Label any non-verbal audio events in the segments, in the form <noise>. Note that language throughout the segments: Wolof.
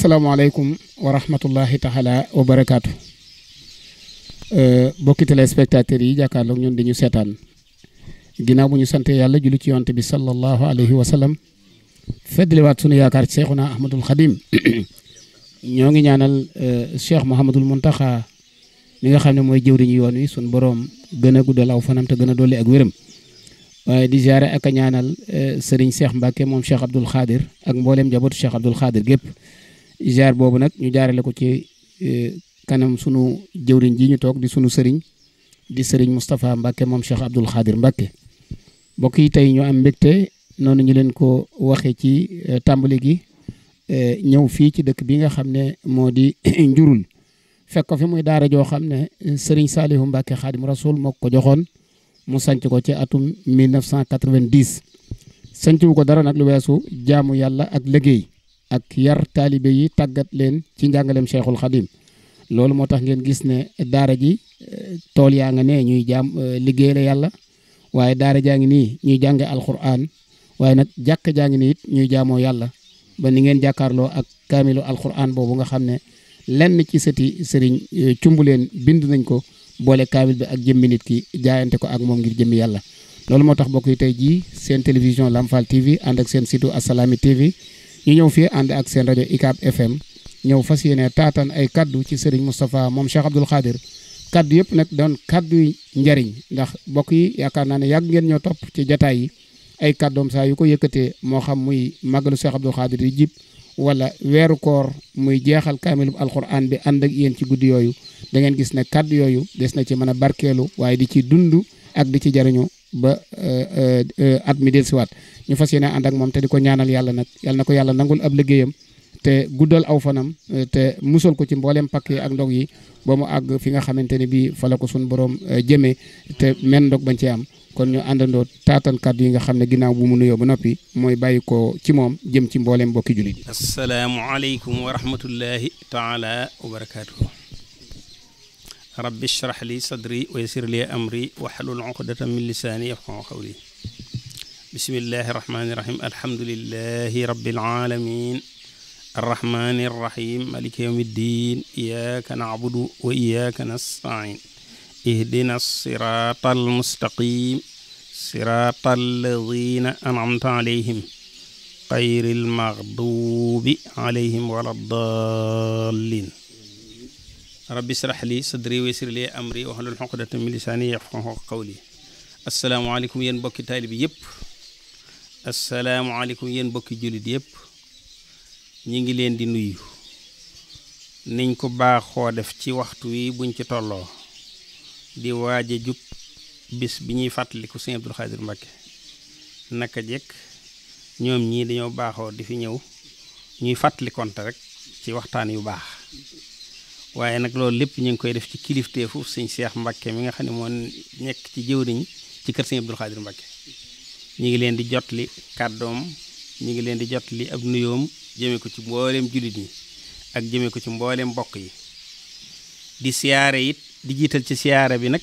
asalaamaaleykum wa rahmatullahi taala wa barakaatu euh, bokki téléspectateurs yi jàkkaarloog ñun di ñu seetaan ginnaaw bu ñu sante yàlla julli ci yonte bi sallallahu alayhi wa sallam feddliwaat sunu yaakaar ci naa Ahmadul Xadim <coughs> ñoo ngi ñaanal euh, Cheikh Mouhamadul Muntaxa mi nga xam ne mooy jëwriñu yoon wi sunu boroom gën a guddal aw fanam te gën a dolli ak wéram waaye di ziare ak a ñaanal euh, Serigne Cheikh Mbacke moom Cheikh Abdoul Khadir ak mboolem njabootu Cheikh Abdoul Khadir gépp ziar boobu nag ñu jaarale ko ci e, kanam sunu jëwriñ ji ñu toog di sunu sëriñ di sëriñ Moustapha Mbacke moom Cheikh Abdoul Khadir Mbacke mbokk yi tey ñu am mbégte noonu ñu leen ko waxee ci e, tàmbali gi e, ñëw fii ci dëkk bi nga xam ne moo di <coughs> njurul fekk ko fi muy daara joo xam ne sëriñ Salihu Mbacke Khadim Rasoul moo ko joxoon mu sanc ko ci atum 1990 sanc wu ko dara nag lu weesu jaamu yàlla ak liggéey ak yar taalibe yi tàggat leen ci njàngaleem Cheikhul Khadim loolu moo tax ngeen gis ne daara ji eh, tool yaa nga ne ñuy jaam eh, liggéey la yàlla waaye daara jaa ngi nii ñuy jànge alquran waaye nag jàkk jaa ngi nii ñuy jaamoo yàlla ba ni ngeen jàkkaarloo ak kaamilu alquran boobu nga xam ne lenn ci sëti sëriñ eh, leen bind nañ ko boole kaamil bi ak jëmmi nit ki jaayante ko ak moom ngir jëmmi yàlla loolu moo tax bokk yi tey jii seen télévision Lamfal TV ànd ak seen site Assalaamy TV ñu ñëw fii ànd ak seen rajo ICAP FM ñëw fas yéene taataan ay kàddu ci Serigne Moustapha moom Cheikh Abdoul Khadir kaddu yëpp nag doon kaddu njariñ ndax mbokk yi yaakaar naa ne yàgg ngeen ñoo topp ci jataay yi ay kaddoom saa yu ko yëkkatee moo xam muy màggalu Cheikh Abdoul Khadir di jib wala weeru koor muy jeexal kaamilu alquran bi ànd ak yéen ci guddi yooyu da ngeen gis ne kaddu yooyu des na ci mën a barkeelu waaye di ci dund ak di ci jariñu ba eh, eh, eh, at mi dellusiwaat ñu fas yéene ànd ak moom te di ko ñaanal yàlla nag yàlla na ko yàlla nangul ab liggéeyam te guddal aw fanam te musal ko ci mbooleem pakk yi ak ndog yi ba mu àgg fi nga xamante ne bii fa ko suñu borom jëmee te men ndog bañ ci am kon ñu àndandoo taatan kàddu yi nga xam ne ginnaaw bu mu nuyoo ba noppi mooy bàyyi ko ci moom jëm ci mbooleem mbokki jullit yi. asalaamaaleykum wa rahmatullahi taala wa barakaatu. rabbi shrah li sadri wa yassir li amri wahlul uqdatan min lisaani yafqahu qawli bismillahi rahmaani rahim alhamdulillahi rabbil alamin arrahmaani arrahim maliki yawmi ddin iyyaka na'budu wa iyyaka nasta'in ihdina sirata almustaqim sirata alladina an'amta alayhim ghayril maghdubi alayhim wala ddallin rabbi israh li sadri wa yassir li amri wahlul uqdatan min lisani yafqahu qawli asalaamaaleykum yéen mbokki taalibe yëpp asalaamaaleykum yéen mbokki jullit yëpp ñi ngi leen di nuyu niñ ko baaxoo def ci waxtu wi buñ ci tolloo di waaje jub bis bi ñuy fàttaliku sëñ Abdul Xaadir Mbàkke naka jekk ñoom ñii dañoo baaxoo di fi ñëw ñuy fàttalikonte rek ci waxtaan yu baax waaye nag loolu lépp ñu ngi koy def ci kilifteefu sëñ Cheikh Mbacke mi nga xam ne moo nekk ci jëwriñ ci kër sëñ Abdou Khadir Mbacke ñu ngi leen di jotli kàddoom ñu ngi leen di jotli ab nuyoom jëmee ko ci mbooleem jullit yi ak jëmee ko ci mbooleem mbokk yi di siyaare it di jiital ci siyaare bi nag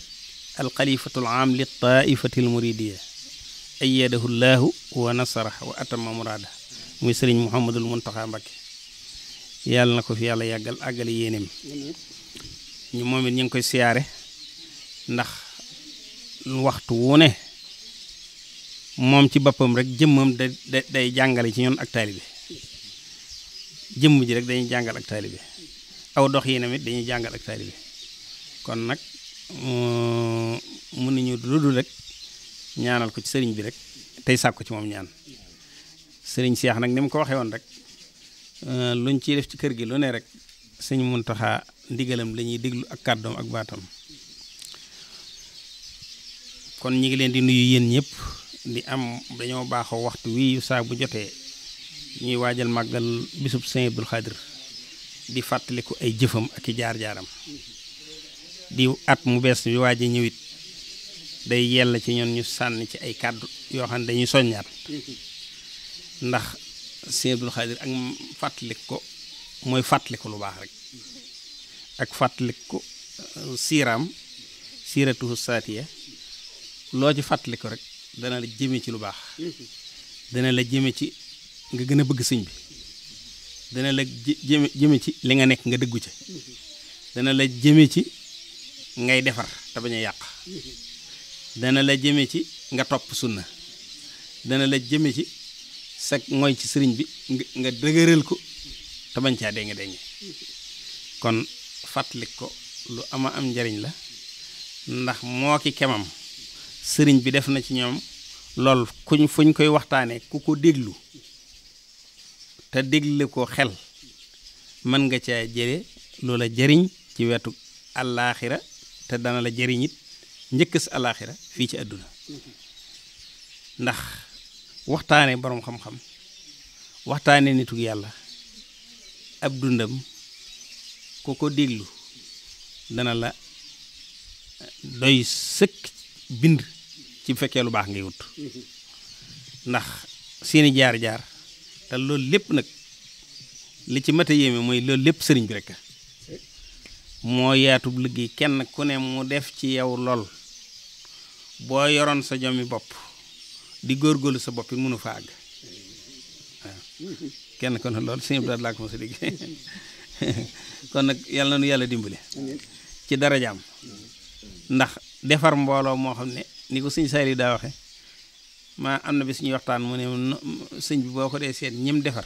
alxalifatul am li taifatil muridiya ayyadahu llaahu wa nasara wa atama muraada muy sëriñ Mouhamadul Muntaxa Mbacke yàlla na ko fi yàlla yàggal àggale yéeneem ñu moom it ñu ngi koy siyaare ndax waxtu wu ne moom ci boppam rek jëmmam da day jàngale ci ñoon ak taalibe jëmm ji rek dañuy jàngal ak taalibe aw dox yéenam it dañuy jàngal ak taalibe kon nag mën nañu lu dul rek ñaanal ko ci sëriñ bi rek tey sàkku ci moom ñaan sëriñ Seex nag ni mu ko waxee rek Euh, luñ ciy def ci kër gi lu ne rek sëñ Muntaxa ndigalam la ñuy diglu ak kàddoom ak baatam kon ñi ngi leen di nuyu yéen ñëpp di am dañoo baaxoo waxtu wii saa bu jotee ñuy waajal màggal bisub sëñ Abdul Xaadir di fàttaliku ay jëfam ak i jaar-jaaram di at mu bees bi waaj ñëwit day yell ci ñoon ñu sànni ci ay kàddu yoo xam ne dañuy soññaat ndax sëñ Abdul Xaadir ak fàttalik ko mooy fàttali ko lu baax rek ak fàttalik ko uh, siiraam siiratu saatiya loo ci fàttali ko rek dana la jëme ci lu baax dana la jëme ci nga gën a bëgg sëñ bi dana la jëme ci li nga nekk nga dëggu ca dana la jëme ci ngay defar te bañ a yàq dana la jëme ci nga topp sunna dana la jëme ci sag mooy ci sëriñ bi nga dëgëral ko te bañ caa dénge dénge kon fàttalik ko lu ama am njariñ la ndax moo ki kemam sëriñ bi def na ci ñoom lool kuñ fuñ koy waxtaanee ku ko déglu te déglu ko xel mën nga caa jële loola jariñ ci wetu alaaxira te dana la jariñ it njëkk si alaaxira fii ci àdduna ndax waxtaane boroom xam-xam waxtaane nitug yàlla ab dundam ku ko déglu dana la eh, doy sëkk bind ci fekkee lu baax ngay wut ndax seeni jaar-jaar te loolu lépp nag li ci mat a mooy loolu lépp sëriñ bi rekk moo yaatub liggéey kenn ku ne mu def ci yow lool boo yoroon sa jomi bopp di góor góorgóorlu sa bopp it mënu fa àgg kenn kon loolu sëñ Abdou laa ko mos a dégg <laughs> kon nag yàlla na yàlla dimbali ci darajaam ndax defar mbooloo moo xam ne ni ko sëñ Saaliw daa waxe maa am na bi ñuy waxtaan mu ne sëñ bi boo ko dee seet ñim defar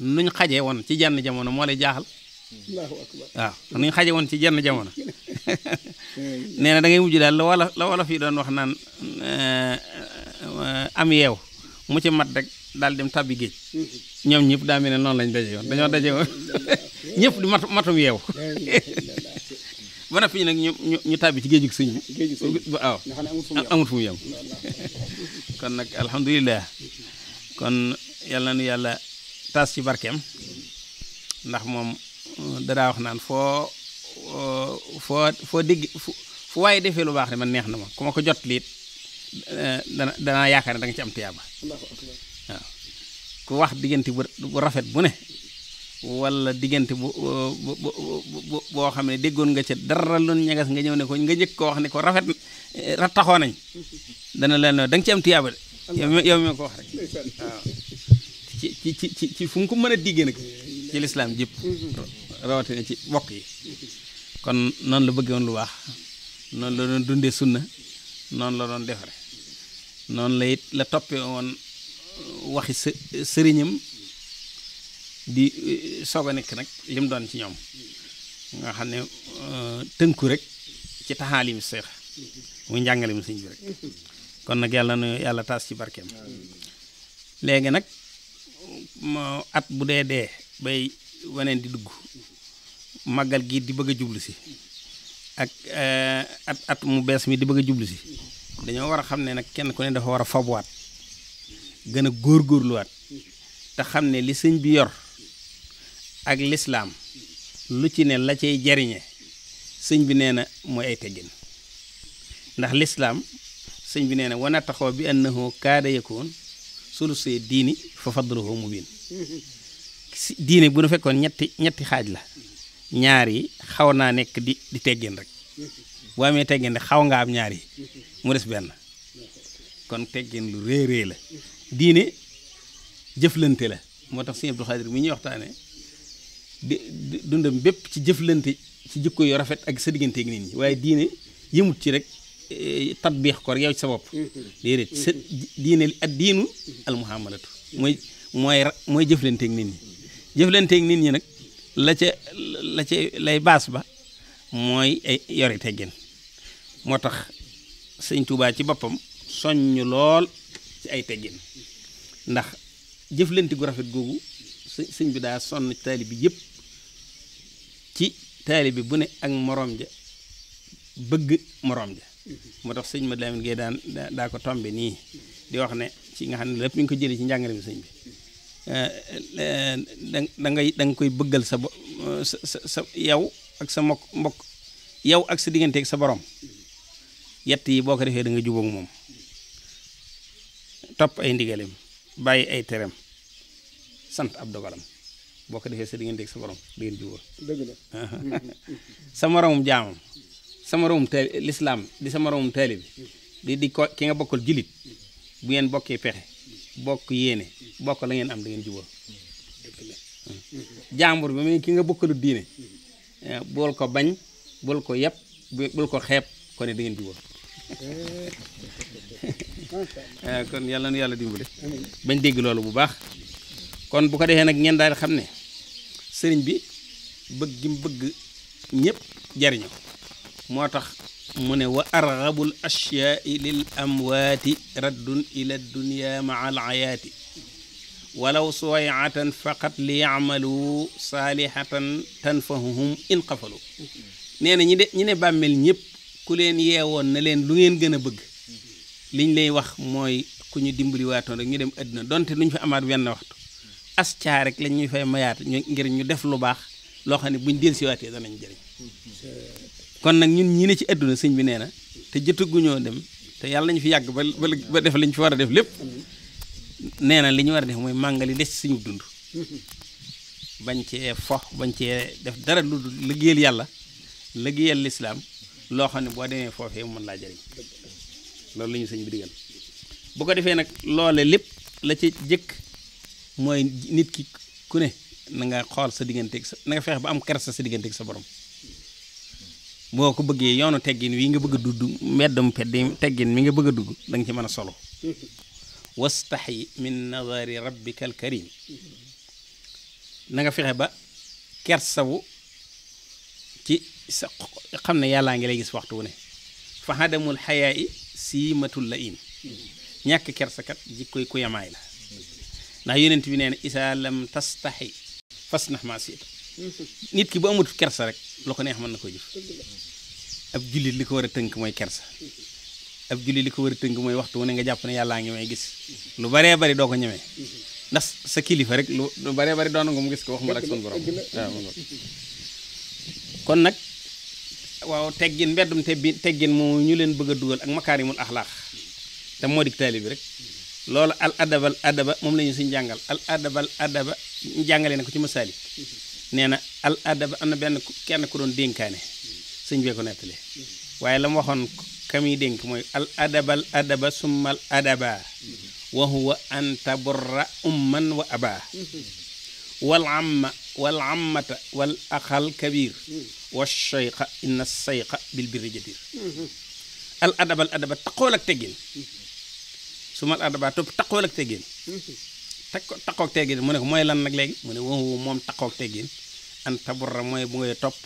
nuñ xaje woon ci jenn jamono moo lay jaaxal waaw nuñ xaje woon ci jenn jamono <laughs> <laughs> nee na mujj daal la wala la wala fii doon wax naan eh, Euh, am yeew mu ci mat rek daal dem tabbi géej ñoom ñëpp daa mel ne noonu lañ daje woon dañoo daje woon <laughs> ñëpp di mat matum yeew <laughs> ba na nag ñu ñu tàbbi ci géejug sëñ bi waaw amul fu mu yem kon nag alhamdulilah kon yàlla na yàlla taas ci barkeem ndax moom euh, daraa wax naan foo euh, foo foo digg fu waaye defee lu baax de man neex na ma ku ko jot liit dana danaa yaakaar ne da nga ci am tiyaaba waaw ku wax diggante bu rafet bu ne wala diggante bu boo xam ne déggoon nga ca dara loon ñagas nga ñëw ne ko nga njëkk ko wax ne ko rafet eh, rattaxoo nañ dana leen da nga ci am tiyaaba de yow mi ko wax rek ci ci ci ci fu mu ko mën a diggee ci lislaam jëpp rawatina ci mbokk yi kon noonu la bëggee woon lu baax noonu la doon dundee sunna noonu la doon defare noonu la it la toppe woon waxi së sëriñam di eh, soog a nekk nag li doon ci ñoom nga xam ne eh, tënku rek ci taxaalim seex mu njàngalim sëñ bi rek kon nag yàlla na yàlla taas ci barkeem léegi nag moo at bu dee dee bay waneen di dugg màggal gi di bëgg a jublu si ak eh, at at mu bees mi di bëgg a jublu si dañoo war a xam ne nag kenn ku ne dafa war a fabuwaat gën a góor góorluwaat te xam ne li sëñ bi yor ak lislaam lu ci ne la ciy jariñe sëñ bi nee na mooy ay teggin ndax lislaam sëñ bi nee na wana taxaw bi annahu kaada yakoon sulu see diini fa fadluhu mubin diine bu nu fekkoon ñetti ñetti xaaj la ñaar yi xaw naa nekk di di teggin boo amee teggin de xaw nga am ñaar yi mu des benn kon teggin lu rëy rëy la diine jëflante la moo tax sëñ Abdou Khadir mi ñuy waxtaane di dundam bépp ci jëflante ci jikko yu rafet ak sa digganteeg nit ñi waaye diine yëmut ci rek eh, tatbiix ko yow ci sa bopp déedéet sa diine ak diinu al muhamalatu mooy mooy mooy jëflanteeg nit ñi jëflanteeg nit ñi nag la ca la ca lay baas ba mooy ay yori teggin moo tax sëñ Touba ci boppam soññ lool ci ay teggin ndax jëflante gu rafet googu sëñ bi daa sonn taalibe bi yëpp ci taalibe bi bu ne ak moroom ja bëgg moroom ja moo tax sëñ ma Lamin Gaye daan daa ko tombe nii di wax ne ci nga xam ne lépp ñu ngi ko jëlee ci njàngale mi sëñ bi eh, eh, da ngay da koy bëggal sa sa sa yow ak sa mokk mbokk yow ak sa digganteeg sa boroom yett yi boo ko defee danga nga jubóog moom topp ay ndigalam bàyyi ay teram sant ab dogalam boo ko defee sa diggante ak sa borom di ngeen jubóo <laughs> sa moromum jaamam sa moromum lislaam di sa moromum taali bi di di ko ki nga bokkal jullit bu ngeen bokkee pexe bokk yéene bokk la ngeen am da ngeen jubóo hmm. jàmbur bi mu ki nga bokkalu diine eh, bul ko bañ bul ko yeb bul ko xeeb kon ne da ngeen jubóo <laughs> Eh, kon yàlla nu yàlla dimbale bañ dégg loolu bu baax kon bu ko defee nag ngeen daal xam ne sëriñ bi bëgg bëgg ñëpp jariñu moo tax mu ne wa argabul ashyaai lil amwaati raddun ila dunya maa al ayaati walaw suwayatan faqat li yamalu saalihatan tanfahuhum in qafalu nee ñi de ñi ne bàmmeel ñëpp ku leen yeewoon na leen lu ngeen gën a bëgg liñ lay wax mooy ku ñu dimbali waatoon ñu dem àddina donte lu ñu amaat wenn waxtu as lañ ñuy fay mayaat ñu ngir ñu def lu baax loo xam ne buñ dellusiwaatee danañ jëriñ kon nag ñun ñi ne ci adduna sëñ bi nee na te jëtaguñoo dem te yàlla ñu fi yàgg ba ba def liñ fi war a def lépp nee na li ñu war a def mooy màngali des ci suñu dund bañ cee fox bañ cee def dara lu liggéeyal yàlla liggéeyal lislaam loo xam ne boo demee foofee mu mën laa jëriñ loolu lañu sañ bi digal bu ko defee nag loole lépp la ci jëkk mooy nit ki ku ne na nga xool sa digganteeg sa na nga fexe ba am kersa sa digganteeg sa borom boo ko bëggee yoonu teggin wi nga bëgg a dudd mbeddum peddi teggin mi nga bëgg a dugg danga ci mën a solo wastaxyi min nazari rabbika al nanga fexe ba kersawu ci sa xam ne yàllaa ngi lay gis waxtu wu ne fa hadamul xayaa i siimatul la in ñàkk kersakat jikkoy la ndax yonent bi nee na isaa lam tastaxi fas nax maa siita nit ki bu amut kersa rek loo ko neex mën na ko jëf ab li ko war a tënk mooy kersa ab jullit li ko war a tënk mooy waxtu wu ne nga jàpp ne yàllaa ngi may gis lu baree bari doo ko ñemee ndax sa kilifa rek lu lu baree bari doon nga mu gis ko wax ma ak son kon nag waaw teggin mbeddum tebbi teggin mu ñu leen bëgg a dugal ak makaarimul axlaax te moo dik taali bi rek loolu al adabal adaba moom lañu ñu suñ jàngal al adabal adaba jàngale na ko ci masaalik nee na al adaba am na benn kenn ku doon dénkaane sëñ bee ko nettali waaye la mu waxoon kami dénk mooy al adabal adaba summal adaba wa huwa an taburra umman wa aba wal amma wal ammata wal axal kabir wa sheyqa inna sayqa bil birri jadir al adaba adaba taqool ak teggin su adaba topp taqool ak teggin takko teggin mu ne ko mooy lan nag léegi mu ne woowu moom taqoog teggin an taburra mooy bu topp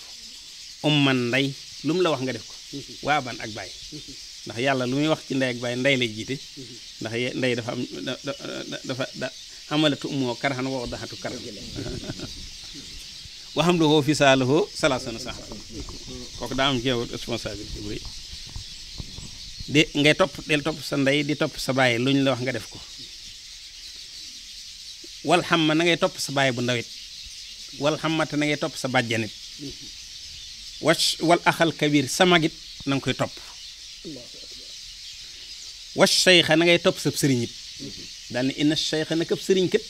umman ndey lu la wax nga def ko waa ban ak bàyyi ndax yàlla lu muy wax ci ndey ak bàyyi ndey lay jiite ndax ndey dafa am dafa da xamalatu umoo karaxan woo daxatu karaxan <laughs> wa hamluhu fisaaluhu salaasuna sahra kooku daa am ci yow responsabilité bu rëy di ngay topp del topp sa ndey di topp sa baay lu ñu la wax nga def ko wal xam ma na ngay topp sa baay bu ndawit wal na ngay topp sa bàjjanit wac wal axal kabir sa magit na koy topp wac seyxa na ngay topp sa sëriñit daal ne inna cheikha nag ab sëriñ kat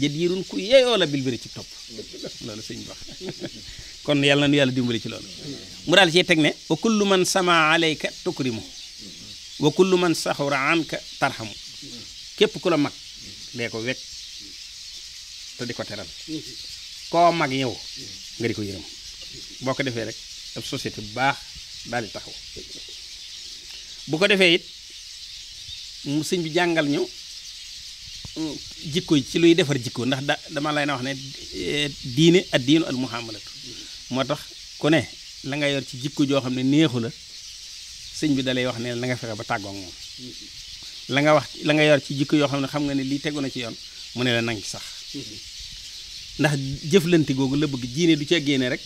jadiirun ku yeyoo la bilbiri ci topp loolu sëñ bi kon yàlla nu yàlla dimbali ci loolu mu daal cee teg ne wa kullu man sama alayka tukrimu wa man saxura anka tarxamu képp ku la mag dee ko wekk te di ko teral koo mag yow nga di ko yërëm boo ko defee rek ab société bu baax daal di taxaw bu ko defee it mu sëñ bi jàngal ñëw jikko ci luy defar jikko ndax da dama lay na wax ne eh, diine ak diinu al muhamalatu moo tax ku ne la nga yor ci jikko joo xam ne neexu la sëñ bi dalay wax ne la nga fexe ba tàggoog moom la nga wax la nga yor ci jikko yoo xam ne xam nga ne lii tegu na ci yoon mu ne la nang ci sax mm-hmm. ndax jëflante googu la bëgg diine du ca génne rek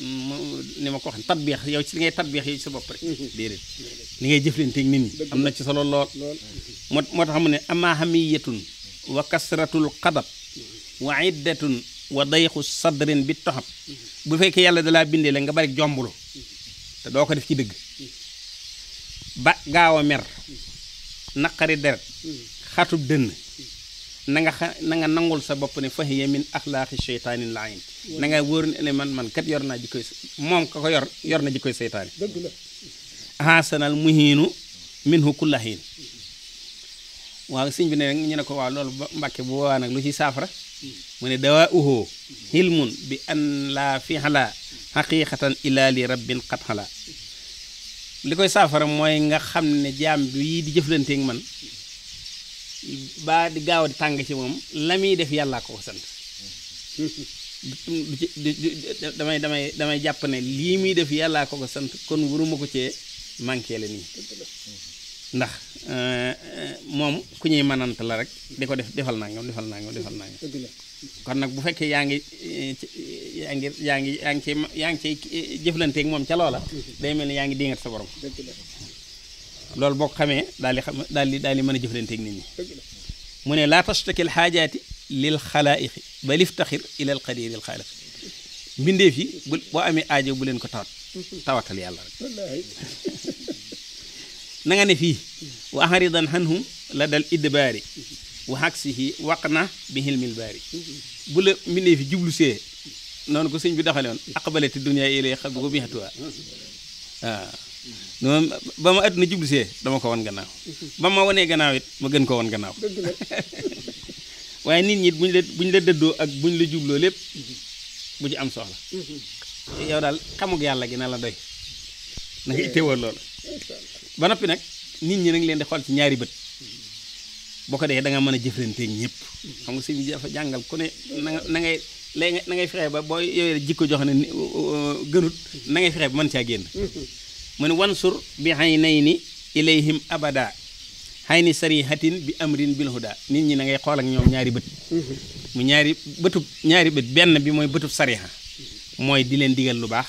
ni ma ko waxee tabbiix yow ci li ngay tabbiix yow ci sa bopp rek mm-hmm. déedéet li ngay jëflanteeg nit ñi am na ci solo lool moo moo tax mu ne amaa hamiyatun wa kasratul xadab wa iddatun wa dayxu sadrin bi toxab mm-hmm. bu fekkee yàlla dalaa bindee la nga bari jombuloo mm-hmm. te doo ko def ci dëgg ba gaaw a mer naqari deret xatub dënn nanga nga xa na nangul sa bopp ne fahiya min axlaaqi seytaanin laayin na nga wóor ne man man kat yor naa jikkoy moom ka ko yor yor na jikkoy seytaane xaasanal muhiinu minhu kulla hiin waaw sëñ bi ne ñu ne ko waa loolu mbàkke bu boobaa nag lu ci saafara mu ne dawaa uhoo xilmun bi an laa fi xalaa xaqiqatan ilaa li rabbin qad xalaa li koy saafara mooy nga xam ne jaam bi yii di jëflanteeg man baa di gaaw di tàng ci moom la muy def yàllaa ko sant <laughs> damay damay damay jàpp ne lii muy def yàlla ko ko sant kon waruma ko cee manqué la nii ndax euh, euh, moom ku ñuy manant la rek di ko def defal naa nangam defal naa nangam defal nangam kon nag bu fekkee yaa ngi euh, yaa ngi yaa ngi yaa ngi ci yaa ngi ci jëflanteeg moom ca loola day mel ni yaa ngi dingat sa borom loolu boo ko xamee daal di xam daal di daal di mën a jëflanteeg nit ñi mu ne laa tastakil xaajaati lil xalaaiqi bal iftaxir ila al qadiri al xaaliq mbindeef yi bu boo amee aajo bu leen ko tawat tawatal yàlla rek <laughs> na nga ne fii wa ahridan hanhum la dal idbaari wa aksihi waqna bi hilmil baari bu la mbindeef jublu see noonu ko sëñ bi doxale woon aqbalati dunya ilay xab ko miatuwa waaw ba ma àdduna jublu see dama ko wan gannaaw ba ma wanee gannaaw it ma gën ko wan gannaaw <laughs> waaye nit ñi buñ la buñ la dëddoo ak buñ la jubloo lépp bu ci am soxla yow daal xamug yàlla gi na la doy na nga itteewoo loolu ba noppi nag nit ñi nag leen di xool ci ñaari bët boo ko dee da nga mën a jëflanteeg ñëpp xam nga sëñ bi dafa jàngal ku ne na nga na ngay na ngay fexe ba boo yooyu jikko jox ne gënut na ngay fexe ba mën caa génn mu ne wansur bi ni ilayhim abada hayni sarihatin bi amrin bil huda nit ñi na ngay xool ak ñoom ñaari bët mu ñaari bëtub ñaari bët benn bi mooy bëtub sariha mooy di leen digal lu baax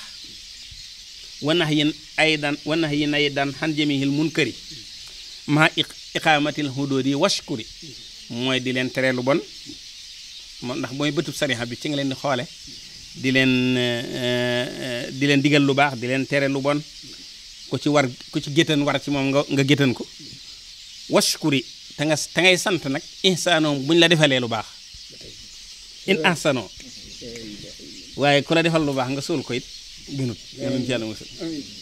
wanax yin ay daan wanax ay daan xan jamihil munkari maa iqaamatil hududi mooy di leen tere lu bon ndax mooy bëtub sariha bi ci nga leen di xoole di leen eh, eh, di leen digal lu baax di leen tere lu bon ku ci war ku ci géttan war ci moom nga nga géttan ko washkuri te nga te ngay sant nag ihsaanoom buñ la defalee lu baax in ahsanoo waaye ku la defal lu baax nga sol ko it gënut yàlla ci yàlla musul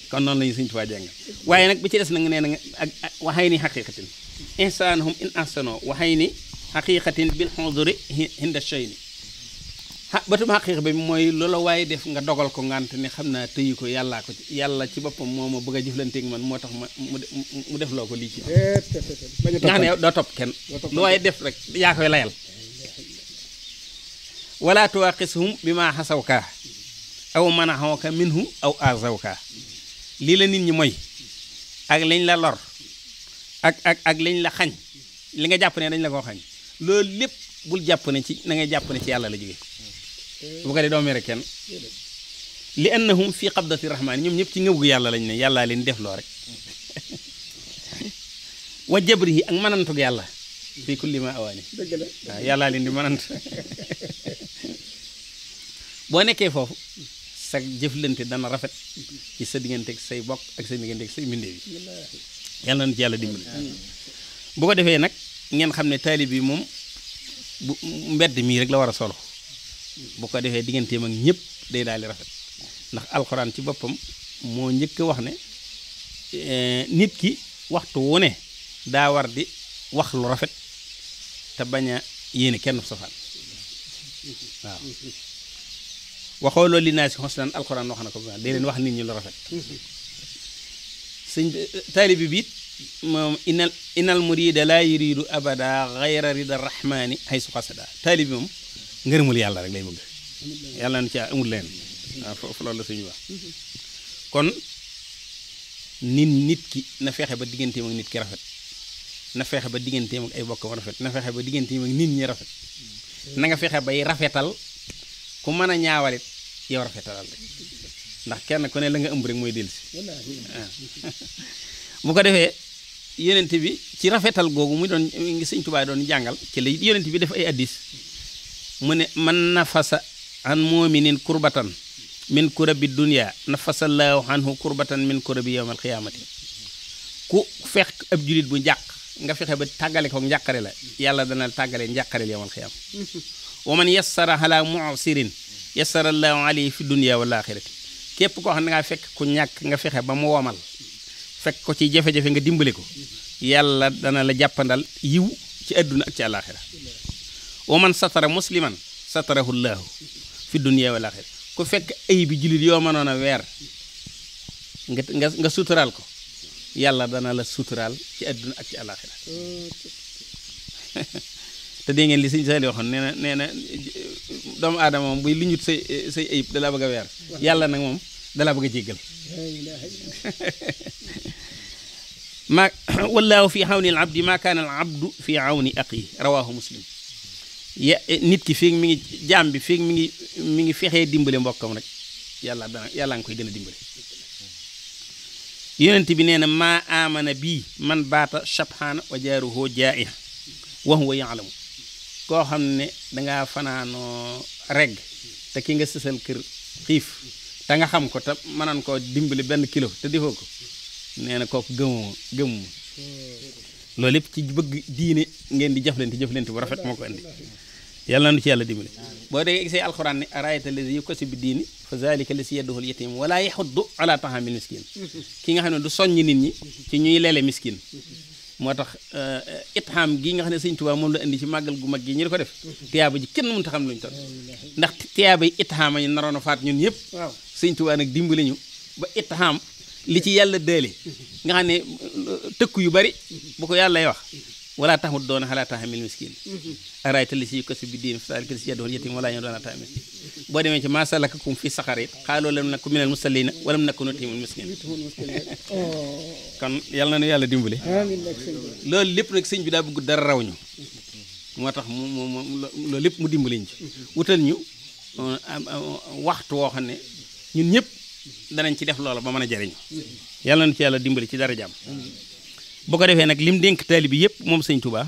kon noonu la ñuy suñ tubaa jàngal waaye nag bi ci des nag nee na nga ak waxay ni xaqiqatin ihsaanohum in ahsanoo waxay ni xaqiqatin bil xonduri hinda shayni xa bëtum xaqiiq bi mooy loola waaye def nga dogal ko ngant ne xam naa tëyi ko yàllaa ko yàlla ci boppam moo ma bëgg a jëflanteeg man moo tax ma mu def loo ko lii ci eh, nga xam ne doo topp kenn waaye def rek yaa bi ma xasawkaa aw manaxooka minhu lii la nit ñi mooy ak lañ la lor ak ak ak lañ la xañ li nga jàpp ne dañ la koo xañ loolu lépp bul jàpp ne ci na ngay jàpp ne ci yàlla la jóge bu ko dee doo mere kenn li annahum fi qabdati rahmaani ñoom ñëpp ci ngëw gu yàlla lañ ne yàllaa leen def loo rek <laughs> wa jabrihi ak manantug yàlla fii kulli ma awaani waaw yàllaa leen di manant <laughs> boo nekkee foofu sa jëflante dana rafet ci sa digganteeg say bok ak sa digganteeg say mbindeef yi yàlla na ci yàlla dimbali bu ko defee nag ngeen xam ne taalib yi moom bu mbedd mii rek la war a solo bu ko defee digganteem mag ñëpp day daal rafet ndax alxuraan ci boppam moo njëkk wax ne eh, nit ki waxtu wu ne daa war di wax lu rafet te bañ a kenn safaan waaw waxoo loolu li naa si xos naan alxuraan wax na ko day leen wax nit ñi lu rafet sëñ taalibi bi it moom inal inal murida laa yuridu abada xayra rida rahmaani haysu xasada taalibi moom ngërëmul yàlla rek lay bëgg yàlla na ci amul leen waaw foofu loolu la suñu wax kon nit nit ki na fexe ba digganteem ak nit ki rafet na feexe ba digganteem ak ay bokkam rafet na fexe ba digganteem ak nit ñi rafet na nga fexe bay rafetal ku mën a ñaawalit yow rafetalal rek ndax kenn ku ne la nga ëmb rek mooy dellusi bu ko defee yonent bi ci rafetal googu mu doon ngi sëñ Tuubaa doon jàngal ci la yonent bi def ay addis mu ne man nafasa an mu'minin kurbatan min kurabi dunya nafasallaahu anhu kurbatan min kurabi yawmal qiyaamati ku fex ab julit bu njàq nga fexe ba tàggale ko njàqare la yàlla dana tàggale njàqare yawmal qiyaam <laughs> wa man yassara ala mu'sirin yassara allaahu alayhi fi dunya wal aaxirati képp koo xam ne nga fekk ku ñàkk nga fexe ba mu womal fekk ko ci jafe-jafe nga dimbali ko yàlla dana la jàppandal yiw ci àdduna ak ci àllaaxira wa man satara musliman satarahu llaahu fi dunya wal ku fekk ay bi jullit yoo mënoon a weer nga nga ko yàlla dana la suturaal ci adduna ak ci alaxira <laughs> te dégg ngeen li sëñ Saali waxoon nee na nee na doomu aadama moom buy li ñut say say ayib dalaa bëgg a weer yàlla nag moom dalaa bëgg a jéggal <laughs> ma wallaahu fi awni al abdi ma kaana al fi awni aqi rawahu muslim Eh, nit ki fii mi ngi jaam bi fii mi ngi mi ngi fexee dimbale mbokkam rek yàlla dana yàlla nga koy gën a dimbale yonent bi nee na maa amana bii man baata shabhaana wa jaaruhu jaaiha wa huwa yaalamu koo xam ne danga fanaanoo regg te ki nga sësal kër xiif te nga xam ko te mënoon koo dimbali benn kilo te defoo ko nee na kooku gëmoo gëmmu hmm. loolu yëpp ci bëgg diine ngeen di jëflante jëflante bu rafet moo ko indi yàlla na nu ci yàlla dimbali boo dee gisee alxuraan ne araayata lazi yukasibu diini fa zalika lazi yaduhul yatim wala yaxuddu ala tahamil miskin ki nga xam ne du soññ nit ñi ci ñuy leele miskin moo tax eh, itxaam gii nga xam ne sëñ Tuubaa moom la indi ci màggal gu mag gi ñu di ko def tiyaaba ji kenn mënta xam luñu toll ndax tiyaaba yi itxaam ñu naroon a faat ñun yëpp sëñ Tuubaa nag ñu ba itxaam li ci yàlla dële nga xam ne eh, tëkk yu bari bu ko yàlla wax wala tax mu doon xalaat taxamil miskin mhm. arayta li si yukkasu bi diin fasaal ki si yaddoon yetim wala ñu doon taxamil boo demee ci maa salakakum fi saxar it xaaloo lam naku minal musallina wala mu naku nutimul miskin <laughs> oh. kon yal na yàlla dimbale loolu lépp nag sëñ bi daa bëgg dara raw ñu moo tax mu mu loolu lépp mu dimbaliñ ci mhm. wutal ñu uh, waxtu woo xam ne ñun ñëpp danañ ci def loola ba mën a jariñ mhm. yàlla na ci dimbali ci dara jàmm bu ko defee nag lim dénk taali bi yëpp moom sëñ Touba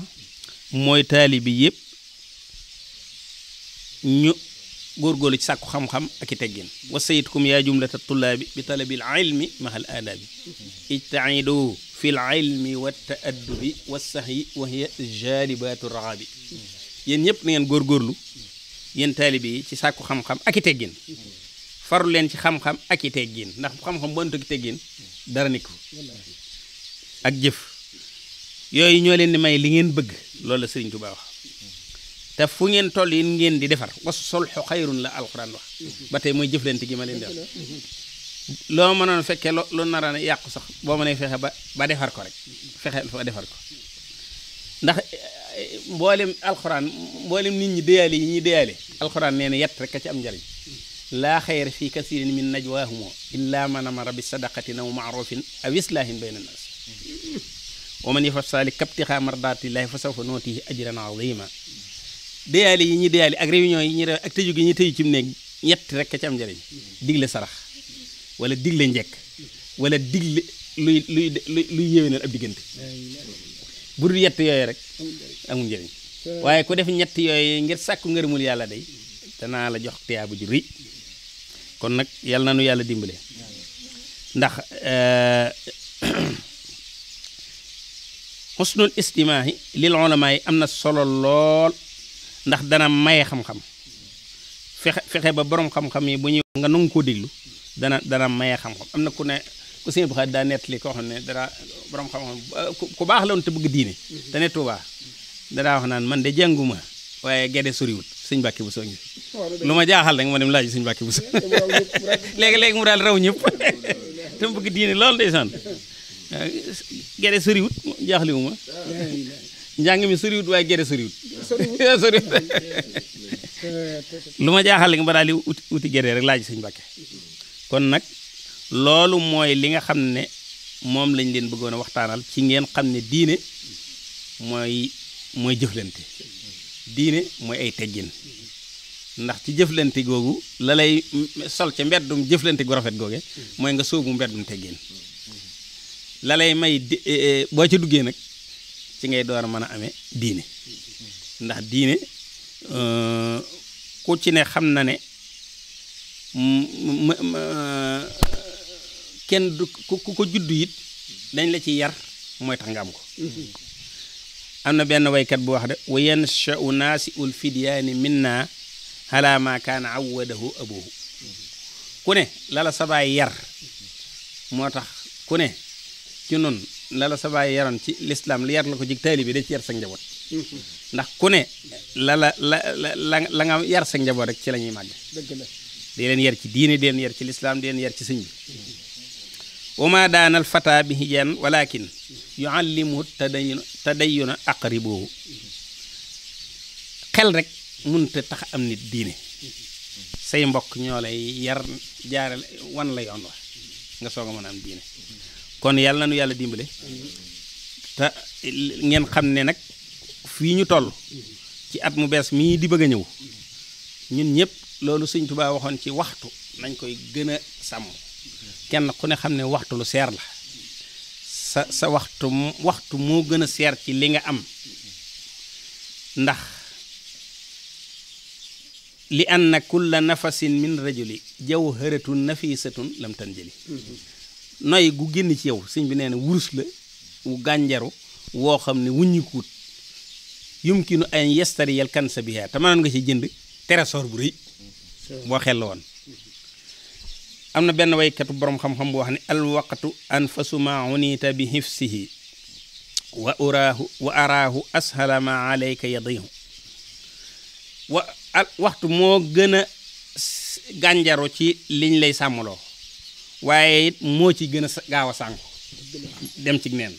mooy taali bi yëpp ñu góorgóorlu ci sàkku xam-xam ak i teggin wa sayidkum yaa jumlata tullaabi bi talabil ilmi mahal aadaabi ijtaidu fil ilmi wa taaddubi wa sahyi wa hiya jalibaatu raxaabi yéen ñëpp na ngeen góorgóorlu yéen taalibi yi ci sàkku xam-xam ak i teggin faru leen ci xam-xam ak i teggin ndax xam-xam bu ëntu ak teggin dara nekk ak jëf yooyu ñoo leen di may li ngeen bëgg loolu la sëriñ Tuubaa wax te fu ngeen toll yi ngeen di defar was solxu xayrun la alxuraan wax ba tey mooy jëflante gi ma leen di wax loo mënoon fekkee lo lu naraan yàqu sax boo mënee fexe ba ba defar ko rek fexe fa defar ko ndax mboolem alxuraan mboolem nit ñi déyaale yi ñuy déyaale alxuraan nee na yett rek a ci am njariñ laa xayra fii kasirin min najwaahumoo illaa man amara bi sadaqatin aw maarufin aw islaahin bayna nas wa man yafa saali kaptixaa mardaatillaahi fa sawfa nootihi azima déyaali yi ñuy déyaali ak réunion yi ñuy def ak tëju gi ñuy tëju cim néeg ñett rek ka ci am njëriñ digle sarax wala digle njekk wala digle luy luy luy yéwénal ab diggante bu dul yooyu rek amul njëriñ waaye ku def ñett yooyu ngir sàkku ngër ngërëmul yàlla day danaa la jox tiyaabu ju rëy kon nag yàlla na nu yàlla dimbale ndax euh, <clears throat> xusnul istimaahi lil ulamaa yi am na solo lool ndax dana maye xam-xam fexe fexe ba borom xam-xam yi bu ñuy nga nangu koo déglu dana dana maye xam-xam am na ku ne ku sëñ Buxaari daa nettali koo xam ne dara borom xam-xam ku baax la woon te bëgg diine te ne Tuubaa danaa wax naan man de jànguma waaye gede soriwut sëñ Mbàkke Buso ngi lu ma jaaxal rek ma dem laaj sëñ bu Buso léegi léegi mu daal raw ñëpp <laughs> te mu bëgg diine lool ndeysaan gere sëriwut jaaxliwu ma njàng mi sëriwut waaye gere sëriwut sëriwut <laughs> lu ma jaaxal li nga ba daal di uti uti gere rek laaj sëñ Mbàkke kon nag loolu mooy li nga xam ne moom lañ leen bëggoon a waxtaanal ci ngeen xam ne diine mooy mooy jëflante diine mooy ay teggin ndax ci jëflante googu la lay sol ca mbeddum jëflante gu rafet googe mooy nga sóobu mbeddum teggin la may eh, eh, boo ci duggee nag ci ngay door a mën a ame diine ndax diine euh, ku ci ne xam na ne euh, kenn du ku ko juddu it dañ la ci yar mooy tax nga am ko am na benn waykat bu wax de wa yansha'u naasi'ul fidyaani minna ala ma kaana awwadahu abuhu ku ne lala sabaay yar moo tax ku ne ci nun la la sa baay yaroon ci lislaam li yar la ko jig taalibe da ci yar sa njaboot ndax ku ne la la la la la nga yar sa njaboot rek ci lañuy ñuy màgg di leen yar ci diine di leen yar ci lislaam di leen yar ci sëñ bi wama daanal fata bi hijan walakin yuallimuhu tadayyun tadayyuna aqribuhu xel rek mënta tax am nit diine mbokk ñoo lay wan la yoon wa nga soog mën am diine kon yàlla na nu yàlla dimbale te ngeen xam ne nag fii ñu toll ci at mu bees mii di bëgg a ñëw ñun ñëpp loolu sëñ Tuubaa waxoon ci waxtu nañ koy gën a sàmm kenn ku ne xam ne waxtu lu seer la sa sa waxtu waxtu moo gën a seer ci li nga am ndax li anna kulla nafasin min rajuli jawharatun nafisatun lam tanjali noy gu génn ci yow sëñ bi nee na wurus la wu gànjaru woo xam ne wuññikuut yumkinu an yastariyal kansa biha te mënoon nga ci jënd trésor bu rëy boo xel la woon am na benn waykatu boroom xam-xam bu wax ne alwaqtu anfasu ma unita bi hifsihi wa uraahu wa araahu ashala ma alayka yadihu wa waxtu moo gën a gànjaru ci liñ lay sàmmaloo waaye it moo ci gën a gaaw a sànku dem ci neen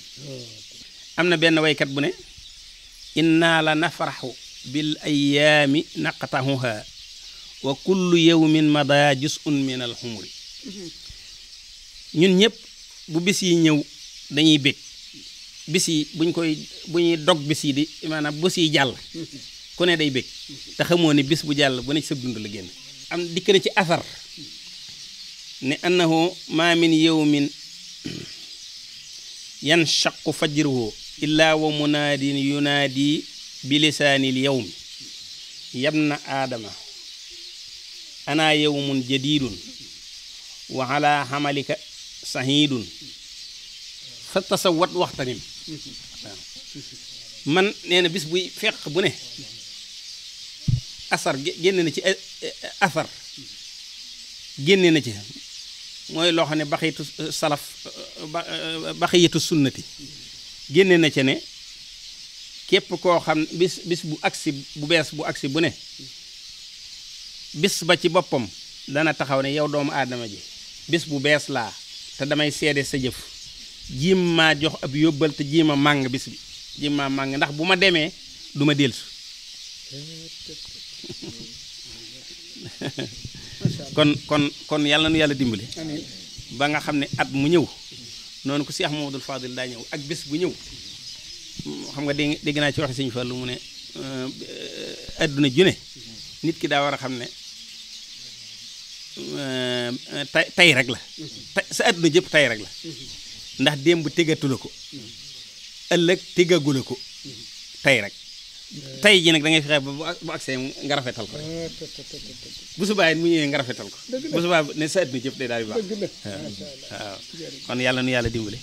am na benn waykat bu ne inna la nafraxu bil ayaami naqtahuha wa kullu yawmin mada jusun min al xumuri ñun ñëpp bu bis yi ñëw dañuy bég bis yi buñ koy bu ñuy dog bis yi di maanaam bis yi jàll ku ne day bég te xamoo ne bis bu jàll bu ne ci sa dund la génn am dikk ci asar ne annahu ma min yawmin yanshaqu fajruhu illa wa munaadin yunaadi bi lisaani lyawmi yabna aadama ana yawmun jadidun wa ala hamalika sahidun fa tasawwat waxtanim man nee na feq bu ne asar génne na ci eh, eh, eh, asar génne na ci mooy loo xam ne baxiitu euh, salaf euh, euh, baxiitu sunnati génne na ci ne képp koo xam bis bu agsi bu bees bu agsi bu ne bis ba ci boppam dana taxaw ne yow doomu aadama ji bis bu bees laa te damay seede sa jëf jiim maa jox ab yóbbal te jiima màng bis bi jiim maa màng ndax bu ma demee du ma dellusi <laughs> kon kon kon yàlla nu yàlla dimbali ba nga xam ne at mu ñëw noonu ko Cheikh Mamadou Fadil daa ñëw ak bés bu ñëw xam nga dégg dégg naa ci waxe fa lu mu ne àdduna euh, ju nit ki daa war a xam ne euh, tay rek la sa adduna jëpp tay rek la ndax démb téggatula ko ëllëg téggagula ko tay rek tey jii nag da ngay fexe ba bu accès nga rafetal ko eh, bu subaa it mu ñëwee nga rafetal ko bu subaa ne sa àddina jëpp daal di baax waaw kon yàlla nu yàlla dimbale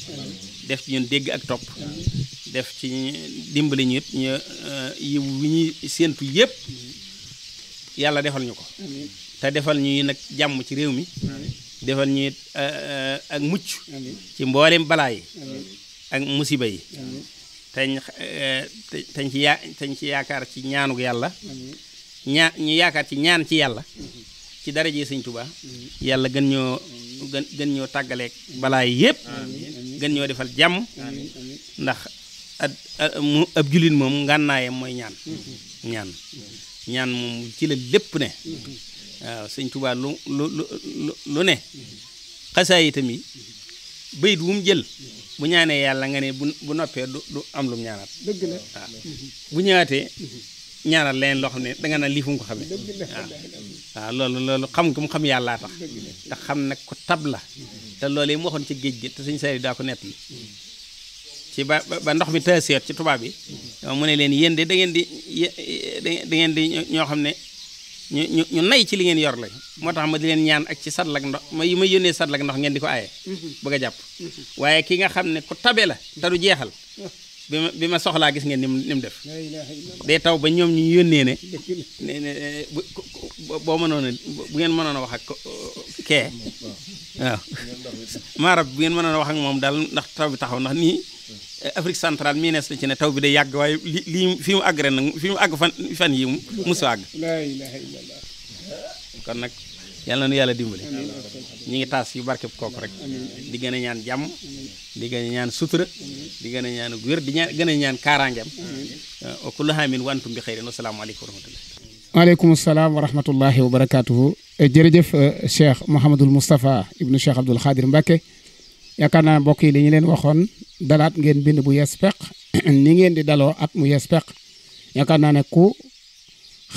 def ci ñun dégg ak topp def ci ñu it ñu eh, yiw wi ñuy séentu yëpp yàlla defal ñu ko te defal ñuy nag jàmm ci réew mi defal ñu eh, ak mucc ci mboolem balaa yi ak musiba yi teñ eh, eh, teñ ci ya teñ ci yaakaar ci ñaanuk yàlla ñaa ñu yaakaar ci ñaan ci yàlla ci darajee sëñ Tuubaa yàlla gën ñoo gën gën ñoo tàggaleeg balaa yépp gën ñoo defal jàmm ndax ab jullit moom ngànnaayam mooy ñaan ñaan ñaan moom ci la lépp ne waaw sëñ Tuubaa lu lu lu lu ne xasaa itam yi bayit wu mu jël bu ñaanee yàlla nga ne bu bu noppee du du am lu mu ñaanaat dëgg bu ñëwaatee ñaanal leen loo xam ne danga naan lii fu ko xamee waaw loolu loolu xam ku mu xam yàllaa tax ndax xam nag ko tab la te loolu yi waxoon ci géej gi te suñu sari daa ko nett li ci ba ba ndox mi tasiot ci tubaab bi mu ne leen yéen de da di da di ñoo xam ne ñu nay ci li ngeen yor lañ moo tax ma di leen ñaan ak ci sadlak ndox ma yi ma yónnee sadlak ndox ngeen di ko aaye mm-hmm. bëgg jàpp mm-hmm. waaye ki nga xam ne ko tabee la te du jeexal bi ma bi ma soxlaa gis ngeen ni mu def day taw ba ñoom ñu yónnee ne <laughs> boo mënoon a bu ngeen mënoon a wax ak kee waaw <laughs> maarab bu ngeen mënoon a wax ak moom daal ndax taw bi taxaw ndax nii Afrique centrale miinees na ci ne taw bi day yàgg waaye li lii fi mu àgg ren fi mu àgg fan fan yi musu àgg kon nag yàlla nu yàlla dimbali ñi ngi taas yu barkeb kooku rek di gën a ñaan jàmm di gën a ñaan sutura di gën a ñaan wér di gën a ñaan kaaraangeem uh, wa kullu haamin wa antum bi xayrin wassalaamu aleykum wa rahmatullah waaleykum salaam wa rahmatullahi wa barakaatuhu eh, jërëjëf uh, Cheikh Mouhamadul Moustapha ibnu Cheikh Abdoul Khadir Mbacke yaakaar naa mbokk yi li ñu leen waxoon dalaat ngeen bind bu yees peq <clears throat> ni ngeen di daloo at mu yees peq yaakaar naa ne ku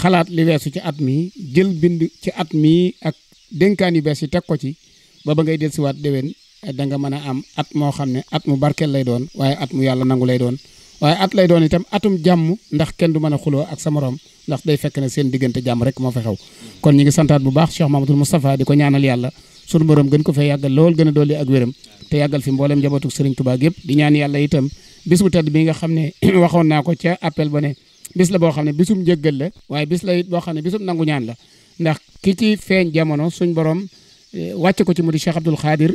xalaat li weesu ci at mi jël bind ci at mii ak dénkaan yi bees yi teg ko ci ba ba ngay dellusiwaat déwén da nga mën a am at moo xam ne at mu barkeel lay doon waaye at mu yàlla nangu lay doon waaye at lay doon itam atum jàmm ndax kenn du mën a xuloo ak sa morom ndax day fekk ne seen diggante jàmm rek moo fa xew kon ñu ngi santaat bu baax Cheikh Mamadou Moustapha ñaanal yàlla borom gën ko fee yàggal lool gën a dolli ak wéram te yàggal fi mboolem njabootu Serigne Touba gépp di ñaan yàlla itam bis bu bi nga xam ne <clears throat> waxoon naa ko ca appel ba ne bis la boo xam ne bisum njëggal la waaye bis la it xam ne bisum nangu ñaan la ndax ki ci jamono suñ borom eh, wàcce ko ci mu di Cheikh Abdoul Khadir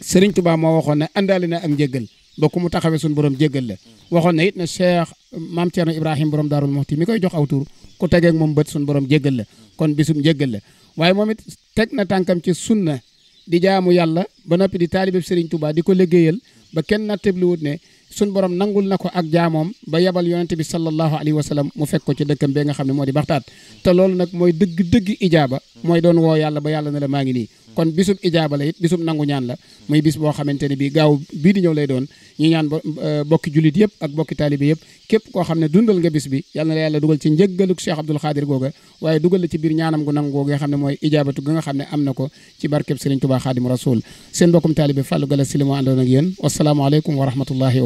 Serigne Touba moo waxoon ne àndaale na am njëggal ba ku mu taxawee suñ borom jéggal la waxoon na it ne Cheikh maam Thierno Ibrahima borom Daarul Muxti mi koy jox aw tur ku tegeeg moom bët suñ borom jéggal la kon bisum njëggal la waaye moom it teg na tànkam ci sunna di jaamu yàlla ba noppi di taalibe Serigne Touba di ko liggéeyal ba kenn nattabluwut ne suñ borom nangul na ko ak jaamoom ba yabal yonent bi sallallahu alayhi wa sallam mu fekk ko ci dëkkam bee nga xam ne moo di baxtaat te loolu nag mooy dëgg-dëgg ijaaba mooy doon woo yàlla ba yàlla na la maa ngi nii kon bisub ijaaba la it nangu ñaan la muy bis boo xamante ne bii gaaw bii di ñëw lay doon ñu ñaan euh, bokki jullit yëpp ak bokki taalibi yëpp képp koo xam ne dundal nga bis bi yàlla na la yàlla dugal ci njëggaluk Cheikh Abdoul Khadir googa waaye dugal la ci biir ñaanam gu nangu googa nga xam ne mooy ijaabatu ga nga xam ne am na ko ci barkeb Serigne Touba Khadim Rasoul seen bokkum taalibi Fallou Gala Sili moo àndoon ak yéen wasalaamualeykum wa rahmatullahi